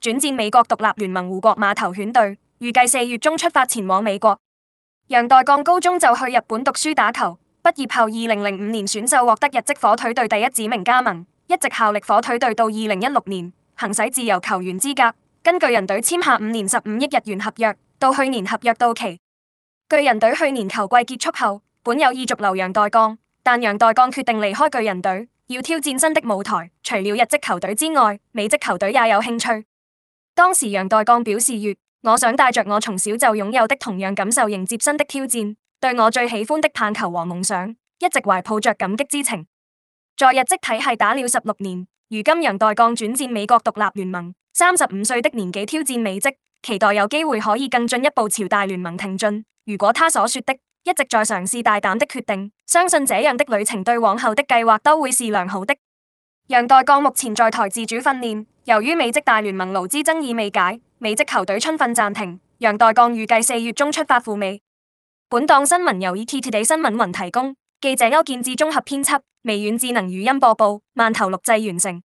轉戰美國獨立聯盟湖國碼頭犬隊，預計四月中出發前往美國。陽岱鋼高中就去日本讀書打球，畢業後二零零五年選秀獲得日職火腿隊第一指名加盟，一直效力火腿隊到二零一六年，行使自由球員資格。跟巨人隊簽下五年十五億日元合約，到去年合約到期，巨人隊去年球季結束後本有意續留陽岱鋼，但陽岱鋼決定離開巨人隊，要挑戰新的舞台。除了日職球隊之外，美職球隊也有興趣。當時陽岱鋼表示：月，我想帶着我從小就擁有的同樣感受迎接新的挑戰，對我最喜歡的棒球和夢想，一直懷抱着感激之情。在日職體系打了十六年，如今陽岱鋼轉戰美國獨立聯盟，三十五歲的年紀挑戰美職，期待有機會可以更進一步朝大聯盟挺進。如果他所說的一直在嘗試大膽的決定，相信這樣的旅程對往後的計劃都會是良好的。楊代降目前在台自主訓練，由於美職大聯盟勞資爭議未解，美職球隊春訓暫停。陽岱鋼預計四月中出發赴美。本檔新聞由 ETtoday 新聞雲提供，記者歐建智綜合編輯，微軟智能語音播報，慢頭錄製完成。